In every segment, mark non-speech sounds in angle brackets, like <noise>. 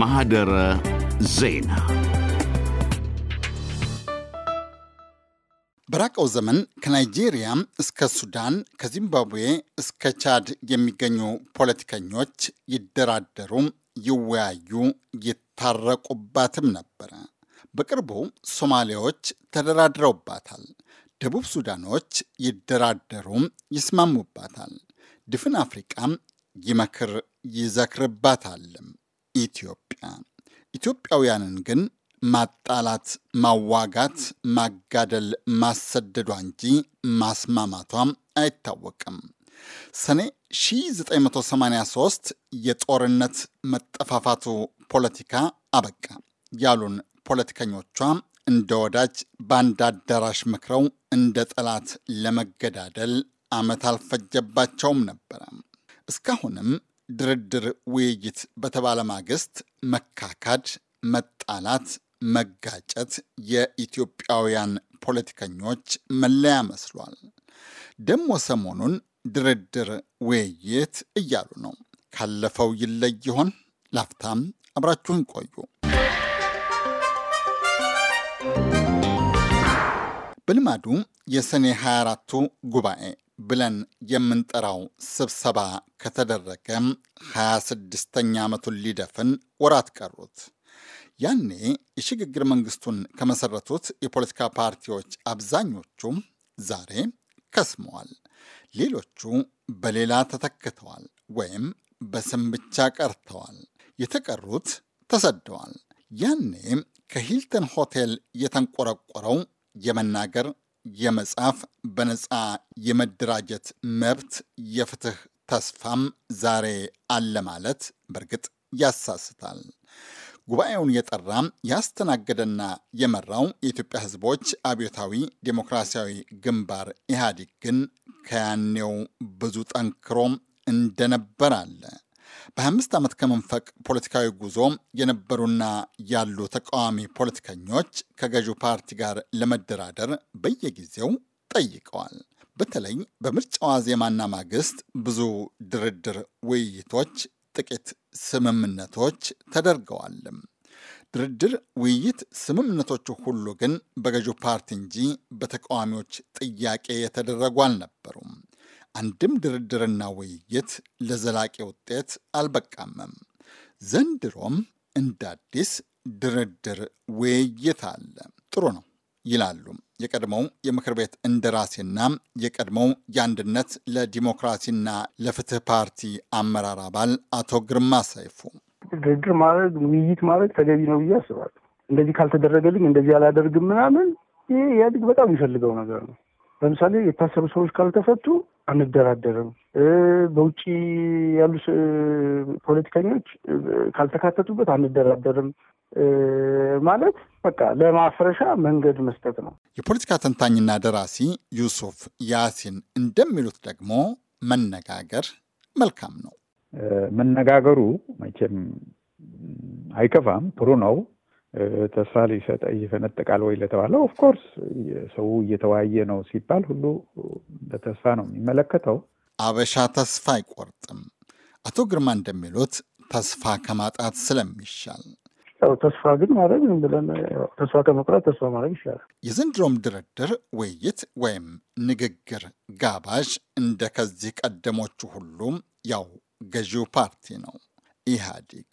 ማህደረ ዜና በራቀው ዘመን ከናይጄሪያ እስከ ሱዳን ከዚምባብዌ እስከ ቻድ የሚገኙ ፖለቲከኞች ይደራደሩ፣ ይወያዩ፣ ይታረቁባትም ነበረ። በቅርቡ ሶማሌዎች ተደራድረውባታል። ደቡብ ሱዳኖች ይደራደሩ፣ ይስማሙባታል። ድፍን አፍሪቃም ይመክር ይዘክርባታልም። ኢትዮጵያ ኢትዮጵያውያንን ግን ማጣላት፣ ማዋጋት፣ ማጋደል፣ ማሰደዷ እንጂ ማስማማቷ አይታወቅም። ሰኔ 1983 የጦርነት መጠፋፋቱ ፖለቲካ አበቃ ያሉን ፖለቲከኞቿ እንደ ወዳጅ በአንድ አዳራሽ መክረው እንደ ጠላት ለመገዳደል ዓመት አልፈጀባቸውም ነበረ። እስካሁንም ድርድር፣ ውይይት በተባለ ማግስት መካካድ፣ መጣላት፣ መጋጨት የኢትዮጵያውያን ፖለቲከኞች መለያ መስሏል። ደሞ ሰሞኑን ድርድር፣ ውይይት እያሉ ነው። ካለፈው ይለይ ይሆን? ላፍታም አብራችሁን ቆዩ። በልማዱ የሰኔ 24ቱ ጉባኤ ብለን የምንጠራው ስብሰባ ከተደረገ 26ኛ ዓመቱን ሊደፍን ወራት ቀሩት። ያኔ የሽግግር መንግስቱን ከመሰረቱት የፖለቲካ ፓርቲዎች አብዛኞቹ ዛሬ ከስመዋል፣ ሌሎቹ በሌላ ተተክተዋል ወይም በስም ብቻ ቀርተዋል። የተቀሩት ተሰደዋል። ያኔ ከሂልተን ሆቴል የተንቆረቆረው የመናገር የመጻፍ በነፃ የመደራጀት መብት የፍትህ ተስፋም ዛሬ አለ ማለት በእርግጥ ያሳስታል። ጉባኤውን የጠራ ያስተናገደና የመራው የኢትዮጵያ ሕዝቦች አብዮታዊ ዴሞክራሲያዊ ግንባር ኢህአዴግ ግን ከያኔው ብዙ ጠንክሮም እንደነበር አለ። በአምስት ዓመት ከመንፈቅ ፖለቲካዊ ጉዞ የነበሩና ያሉ ተቃዋሚ ፖለቲከኞች ከገዢው ፓርቲ ጋር ለመደራደር በየጊዜው ጠይቀዋል። በተለይ በምርጫዋ ዜማና ማግስት ብዙ ድርድር፣ ውይይቶች፣ ጥቂት ስምምነቶች ተደርገዋል። ድርድር፣ ውይይት፣ ስምምነቶቹ ሁሉ ግን በገዢው ፓርቲ እንጂ በተቃዋሚዎች ጥያቄ የተደረጉ አልነበሩም። አንድም ድርድርና ውይይት ለዘላቂ ውጤት አልበቃምም። ዘንድሮም እንደ አዲስ ድርድር፣ ውይይት አለ። ጥሩ ነው ይላሉ የቀድሞው የምክር ቤት እንደራሴና የቀድሞው የአንድነት ለዲሞክራሲና ለፍትህ ፓርቲ አመራር አባል አቶ ግርማ ሰይፉ። ድርድር ማድረግ ውይይት ማድረግ ተገቢ ነው ብዬ አስባለሁ። እንደዚህ ካልተደረገልኝ እንደዚህ አላደርግም ምናምን ይህ ኢህአዴግ በጣም የሚፈልገው ነገር ነው። ለምሳሌ የታሰሩ ሰዎች ካልተፈቱ አንደራደርም። በውጭ ያሉ ፖለቲከኞች ካልተካተቱበት አንደራደርም ማለት በቃ ለማፍረሻ መንገድ መስጠት ነው። የፖለቲካ ተንታኝና ደራሲ ዩሱፍ ያሲን እንደሚሉት ደግሞ መነጋገር መልካም ነው። መነጋገሩ መቼም አይከፋም፣ ጥሩ ነው። ተስፋ ሊሰጠ ይፈነጥቃል ወይ ለተባለው ኦፍኮርስ ሰው እየተወያየ ነው ሲባል ሁሉ በተስፋ ነው የሚመለከተው። አበሻ ተስፋ አይቆርጥም። አቶ ግርማ እንደሚሉት ተስፋ ከማጣት ስለሚሻል ያው ተስፋ ግን ማድረግ ዝም ብለን ተስፋ ከመቁረጥ ተስፋ ማድረግ ይሻላል። የዘንድሮም ድርድር ውይይት ወይም ንግግር ጋባዥ እንደ ከዚህ ቀደሞቹ ሁሉም ያው ገዢው ፓርቲ ነው ኢህአዲግ።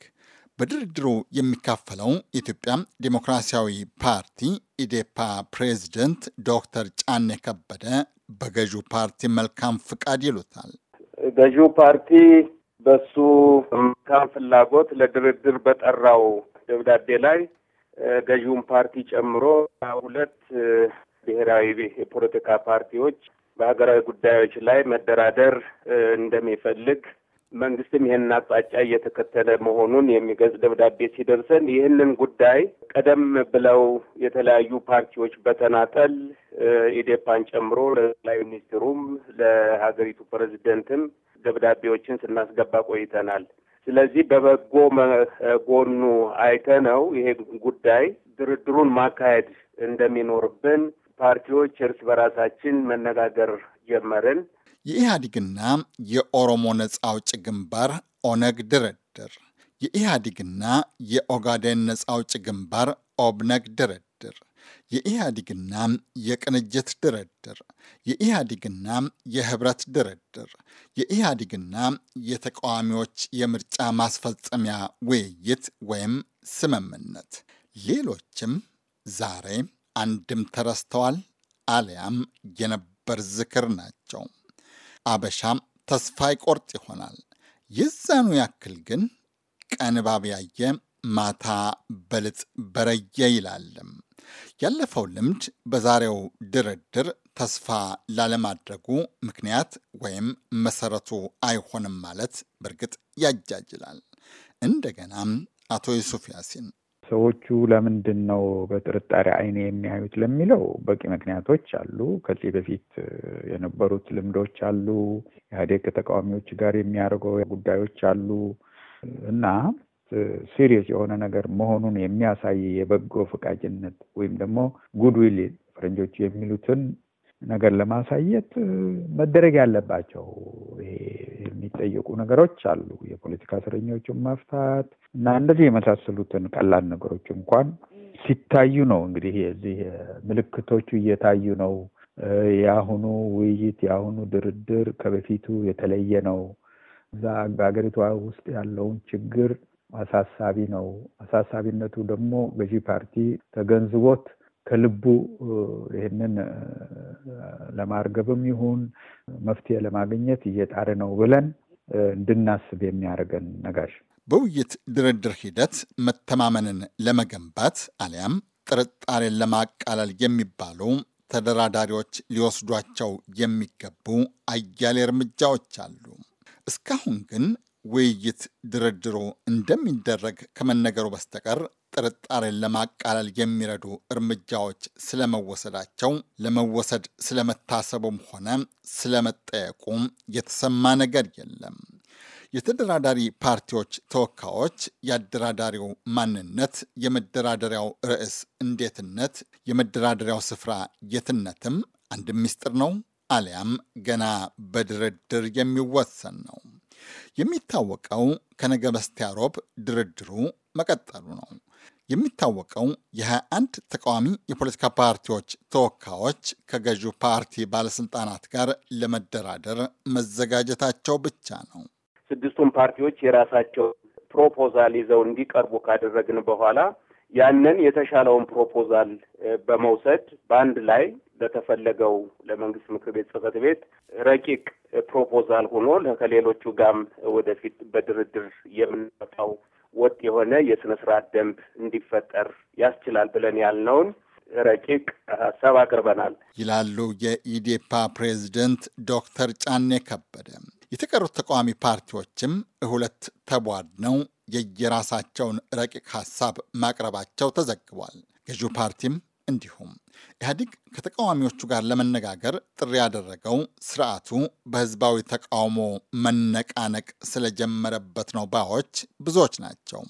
በድርድሩ የሚካፈለው ኢትዮጵያ ዴሞክራሲያዊ ፓርቲ ኢዴፓ ፕሬዚደንት ዶክተር ጫኔ ከበደ በገዢው ፓርቲ መልካም ፍቃድ ይሉታል። ገዢው ፓርቲ በሱ መልካም ፍላጎት ለድርድር በጠራው ደብዳቤ ላይ ገዢውን ፓርቲ ጨምሮ ሁለት ብሔራዊ የፖለቲካ ፓርቲዎች በሀገራዊ ጉዳዮች ላይ መደራደር እንደሚፈልግ መንግስትም ይህንን አቅጣጫ እየተከተለ መሆኑን የሚገልጽ ደብዳቤ ሲደርሰን ይህንን ጉዳይ ቀደም ብለው የተለያዩ ፓርቲዎች በተናጠል ኢዴፓን ጨምሮ ለጠቅላይ ሚኒስትሩም ለሀገሪቱ ፕሬዚደንትም ደብዳቤዎችን ስናስገባ ቆይተናል። ስለዚህ በበጎ ጎኑ አይተነው ይሄ ጉዳይ ድርድሩን ማካሄድ እንደሚኖርብን ፓርቲዎች እርስ በራሳችን መነጋገር ጀመርን። የኢህአዴግና የኦሮሞ ነጻ አውጭ ግንባር ኦነግ ድርድር፣ የኢህአዴግና የኦጋዴን ነጻ አውጭ ግንባር ኦብነግ ድርድር፣ የኢህአዴግና የቅንጅት ድርድር፣ የኢህአዴግና የህብረት ድርድር፣ የኢህአዴግና የተቃዋሚዎች የምርጫ ማስፈጸሚያ ውይይት ወይም ስምምነት፣ ሌሎችም ዛሬ አንድም ተረስተዋል አሊያም የነበ የሰበር ዝክር ናቸው። አበሻም ተስፋ ይቆርጥ ይሆናል። የዛኑ ያክል ግን ቀን እባብ ያየ ማታ በልጥ በረየ ይላልም። ያለፈው ልምድ በዛሬው ድርድር ተስፋ ላለማድረጉ ምክንያት ወይም መሰረቱ አይሆንም ማለት በእርግጥ ያጃጅላል። እንደገናም አቶ ዩሱፍ ያሲን ሰዎቹ ለምንድን ነው በጥርጣሬ አይን የሚያዩት ለሚለው በቂ ምክንያቶች አሉ። ከዚህ በፊት የነበሩት ልምዶች አሉ። ኢህአዴግ ከተቃዋሚዎች ጋር የሚያደርገው ጉዳዮች አሉ እና ሲሪየስ የሆነ ነገር መሆኑን የሚያሳይ የበጎ ፈቃጅነት ወይም ደግሞ ጉድዊል ፈረንጆቹ የሚሉትን ነገር ለማሳየት መደረግ ያለባቸው የሚጠየቁ ነገሮች አሉ። የፖለቲካ እስረኞችን መፍታት እና እንደዚህ የመሳሰሉትን ቀላል ነገሮች እንኳን ሲታዩ ነው እንግዲህ የዚህ ምልክቶቹ እየታዩ ነው። የአሁኑ ውይይት የአሁኑ ድርድር ከበፊቱ የተለየ ነው። እዛ በሀገሪቷ ውስጥ ያለውን ችግር አሳሳቢ ነው። አሳሳቢነቱ ደግሞ ገዢ ፓርቲ ተገንዝቦት ከልቡ ይህንን ለማርገብም ይሁን መፍትሄ ለማግኘት እየጣረ ነው ብለን እንድናስብ የሚያደርገን ነጋሽ በውይይት ድርድር ሂደት መተማመንን ለመገንባት አሊያም ጥርጣሬን ለማቃለል የሚባሉ ተደራዳሪዎች ሊወስዷቸው የሚገቡ አያሌ እርምጃዎች አሉ። እስካሁን ግን ውይይት ድርድሩ እንደሚደረግ ከመነገሩ በስተቀር ጥርጣሬን ለማቃለል የሚረዱ እርምጃዎች ስለመወሰዳቸው ለመወሰድ ስለመታሰቡም ሆነ ስለመጠየቁም የተሰማ ነገር የለም። የተደራዳሪ ፓርቲዎች ተወካዮች የአደራዳሪው ማንነት፣ የመደራደሪያው ርዕስ እንዴትነት፣ የመደራደሪያው ስፍራ የትነትም አንድ ምስጢር ነው አሊያም ገና በድርድር የሚወሰን ነው። የሚታወቀው ከነገ በስቲያ ሮብ ድርድሩ መቀጠሉ ነው። የሚታወቀው የ21 ተቃዋሚ የፖለቲካ ፓርቲዎች ተወካዮች ከገዢው ፓርቲ ባለስልጣናት ጋር ለመደራደር መዘጋጀታቸው ብቻ ነው። ስድስቱም ፓርቲዎች የራሳቸው ፕሮፖዛል ይዘው እንዲቀርቡ ካደረግን በኋላ ያንን የተሻለውን ፕሮፖዛል በመውሰድ በአንድ ላይ ለተፈለገው ለመንግስት ምክር ቤት ጽህፈት ቤት ረቂቅ ፕሮፖዛል ሆኖ ከሌሎቹ ጋም ወደፊት በድርድር የምንመጣው ወጥ የሆነ የስነ ስርዓት ደንብ እንዲፈጠር ያስችላል ብለን ያልነውን ረቂቅ ሀሳብ አቅርበናል ይላሉ የኢዴፓ ፕሬዝደንት ዶክተር ጫኔ ከበደ። የተቀሩት ተቃዋሚ ፓርቲዎችም ሁለት ነው የየራሳቸውን ረቂቅ ሀሳብ ማቅረባቸው ተዘግቧል። ገዢው ፓርቲም እንዲሁም ኢህአዲግ ከተቃዋሚዎቹ ጋር ለመነጋገር ጥሪ ያደረገው ስርዓቱ በህዝባዊ ተቃውሞ መነቃነቅ ስለጀመረበት ነው ባዎች ብዙዎች ናቸው።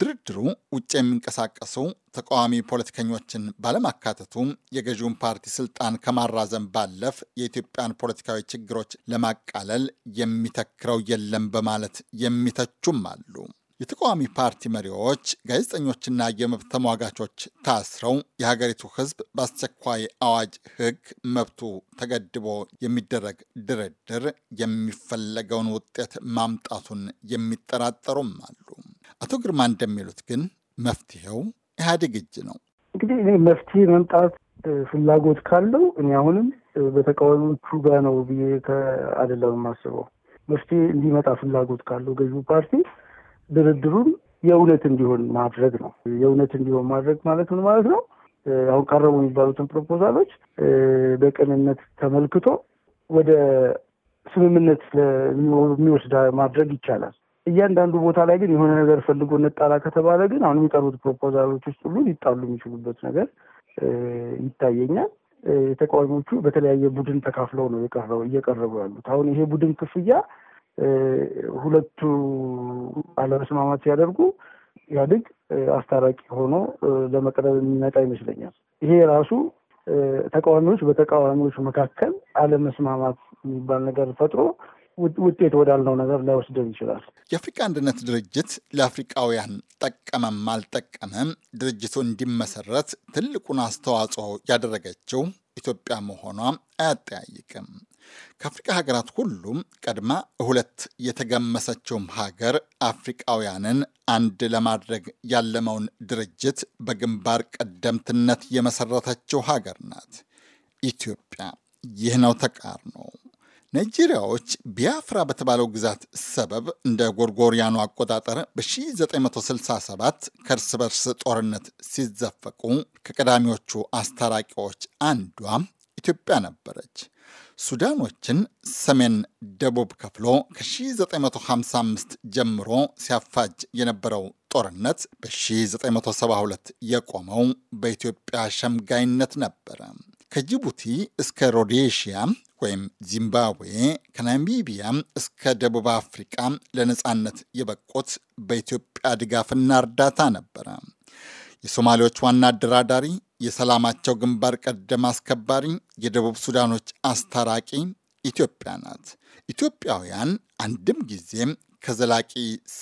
ድርድሩ ውጭ የሚንቀሳቀሱ ተቃዋሚ ፖለቲከኞችን ባለማካተቱ የገዢውን ፓርቲ ስልጣን ከማራዘም ባለፍ የኢትዮጵያን ፖለቲካዊ ችግሮች ለማቃለል የሚተክረው የለም በማለት የሚተቹም አሉ። የተቃዋሚ ፓርቲ መሪዎች፣ ጋዜጠኞችና የመብት ተሟጋቾች ታስረው የሀገሪቱ ሕዝብ በአስቸኳይ አዋጅ ሕግ መብቱ ተገድቦ የሚደረግ ድርድር የሚፈለገውን ውጤት ማምጣቱን የሚጠራጠሩም አሉ። አቶ ግርማ እንደሚሉት ግን መፍትሄው ኢህአዴግ እጅ ነው። እንግዲህ እኔ መፍትሄ መምጣት ፍላጎት ካለው እኔ አሁንም በተቃዋሚዎቹ ጋር ነው ብዬ አይደለም የማስበው። መፍትሄ እንዲመጣ ፍላጎት ካለው ገዢው ፓርቲ ድርድሩን የእውነት እንዲሆን ማድረግ ነው። የእውነት እንዲሆን ማድረግ ማለት ምን ማለት ነው? አሁን ቀረቡ የሚባሉትን ፕሮፖዛሎች በቅንነት ተመልክቶ ወደ ስምምነት የሚወስድ ማድረግ ይቻላል። እያንዳንዱ ቦታ ላይ ግን የሆነ ነገር ፈልጎ እንጣላ ከተባለ ግን አሁን የሚቀርቡት ፕሮፖዛሎች ውስጥ ሁሉ ሊጣሉ የሚችሉበት ነገር ይታየኛል። ተቃዋሚዎቹ በተለያየ ቡድን ተካፍለው ነው እየቀረቡ ያሉት። አሁን ይሄ ቡድን ክፍያ ሁለቱ አለመስማማት ሲያደርጉ ኢህአዴግ አስታራቂ ሆኖ ለመቅረብ የሚመጣ ይመስለኛል። ይሄ ራሱ ተቃዋሚዎች በተቃዋሚዎች መካከል አለመስማማት የሚባል ነገር ፈጥሮ ውጤት ወዳልነው ነገር ላይወስደን ይችላል። የአፍሪካ አንድነት ድርጅት ለአፍሪቃውያን ጠቀመም አልጠቀመም ድርጅቱ እንዲመሰረት ትልቁን አስተዋጽኦ ያደረገችው ኢትዮጵያ መሆኗ አያጠያይቅም። ከአፍሪቃ ሀገራት ሁሉም ቀድማ ሁለት የተገመሰችውም ሀገር አፍሪቃውያንን አንድ ለማድረግ ያለመውን ድርጅት በግንባር ቀደምትነት የመሰረተችው ሀገር ናት። ኢትዮጵያ ይህ ነው ተቃርኖ። ናይጄሪያዎች ቢያፍራ በተባለው ግዛት ሰበብ እንደ ጎርጎሪያኑ አቆጣጠር በ1967 ከእርስ በርስ ጦርነት ሲዘፈቁ ከቀዳሚዎቹ አስታራቂዎች አንዷ ኢትዮጵያ ነበረች። ሱዳኖችን ሰሜን ደቡብ ከፍሎ ከ1955 ጀምሮ ሲያፋጅ የነበረው ጦርነት በ1972 የቆመው በኢትዮጵያ ሸምጋይነት ነበረ። ከጅቡቲ እስከ ሮዴሽያ ወይም ዚምባብዌ ከናሚቢያ እስከ ደቡብ አፍሪቃ ለነፃነት የበቁት በኢትዮጵያ ድጋፍና እርዳታ ነበረ። የሶማሌዎች ዋና አደራዳሪ የሰላማቸው ግንባር ቀደም አስከባሪ፣ የደቡብ ሱዳኖች አስታራቂ ኢትዮጵያ ናት። ኢትዮጵያውያን አንድም ጊዜም ከዘላቂ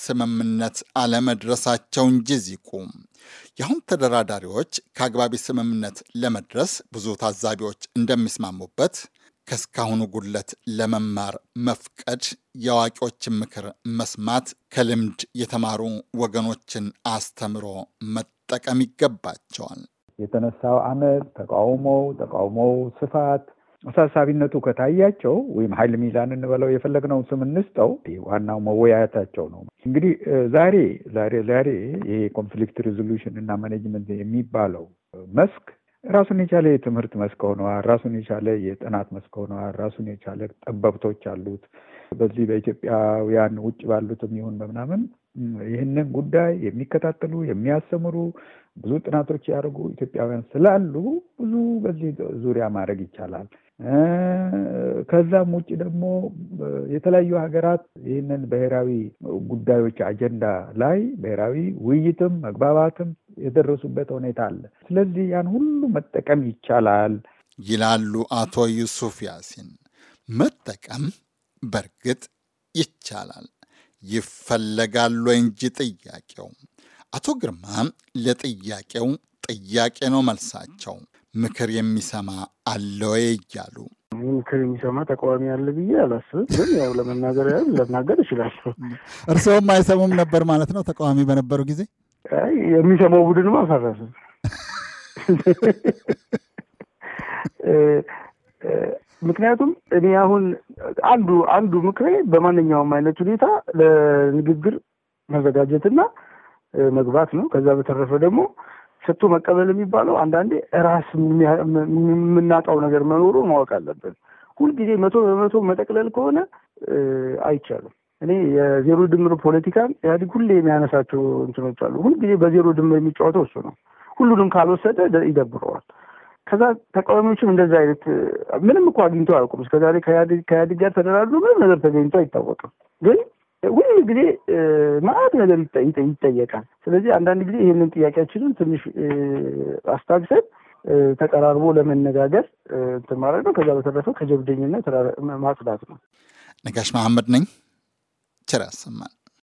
ስምምነት አለመድረሳቸው እንጂ ዚቁ። የአሁን ተደራዳሪዎች ከአግባቢ ስምምነት ለመድረስ ብዙ ታዛቢዎች እንደሚስማሙበት ከእስካሁኑ ጉድለት ለመማር መፍቀድ፣ የአዋቂዎችን ምክር መስማት፣ ከልምድ የተማሩ ወገኖችን አስተምሮ መጠቀም ይገባቸዋል። የተነሳው አመፅ፣ ተቃውሞው ተቃውሞው ስፋት አሳሳቢነቱ ከታያቸው ወይም ሀይል ሚዛን እንበለው የፈለግነውን ስም እንስጠው፣ ዋናው መወያየታቸው ነው። እንግዲህ ዛሬ ዛሬ ዛሬ ይሄ ኮንፍሊክት ሪዞሉሽን እና ማኔጅመንት የሚባለው መስክ ራሱን የቻለ የትምህርት መስክ ሆነዋል። ራሱን የቻለ የጥናት መስክ ሆነዋል። ራሱን የቻለ ጠበብቶች አሉት። በዚህ በኢትዮጵያውያን ውጭ ባሉትም ይሁን በምናምን ይህንን ጉዳይ የሚከታተሉ የሚያስተምሩ ብዙ ጥናቶች ያደርጉ ኢትዮጵያውያን ስላሉ ብዙ በዚህ ዙሪያ ማድረግ ይቻላል። ከዛም ውጭ ደግሞ የተለያዩ ሀገራት ይህንን ብሔራዊ ጉዳዮች አጀንዳ ላይ ብሔራዊ ውይይትም መግባባትም የደረሱበት ሁኔታ አለ። ስለዚህ ያን ሁሉ መጠቀም ይቻላል ይላሉ አቶ ዩሱፍ ያሲን። መጠቀም በእርግጥ ይቻላል ይፈለጋሉ እንጂ ጥያቄው። አቶ ግርማ ለጥያቄው ጥያቄ ነው መልሳቸው። ምክር የሚሰማ አለ ወይ እያሉ ምክር የሚሰማ ተቃዋሚ ያለ ብዬ አላስብም፣ ግን ያው ለመናገር ያህል ልናገር እችላለሁ። እርስዎም አይሰሙም ነበር ማለት ነው ተቃዋሚ በነበሩ ጊዜ? የሚሰማው ቡድንም አፈረስም። <laughs> ምክንያቱም እኔ አሁን አንዱ አንዱ ምክሬ በማንኛውም አይነት ሁኔታ ለንግግር መዘጋጀትና መግባት ነው። ከዛ በተረፈ ደግሞ ሰጥቶ መቀበል የሚባለው አንዳንዴ ራስ የምናጣው ነገር መኖሩ ማወቅ አለብን። ሁልጊዜ መቶ በመቶ መጠቅለል ከሆነ አይቻልም። እኔ የዜሮ ድምር ፖለቲካን ኢህአዴግ ሁሌ የሚያነሳቸው እንትኖች አሉ። ሁልጊዜ በዜሮ ድምር የሚጫወተው እሱ ነው። ሁሉንም ካልወሰደ ይደብረዋል። ከዛ ተቃዋሚዎችም እንደዚ አይነት ምንም እኮ አግኝቶ አያውቁም። እስከዛሬ ከኢህአዴግ ጋር ተደራድሮ ምንም ነገር ተገኝቶ አይታወቅም። ግን ሁሉ ጊዜ ማአት ነገር ይጠየቃል። ስለዚህ አንዳንድ ጊዜ ይህንን ጥያቄያችንን ትንሽ አስታግሰን ተቀራርቦ ለመነጋገር እንትን ማድረግ ነው። ከዛ በተረፈው ከጀብደኝነት ማጽዳት ነው። ነጋሽ መሐመድ ነኝ። ቸር ያሰማን።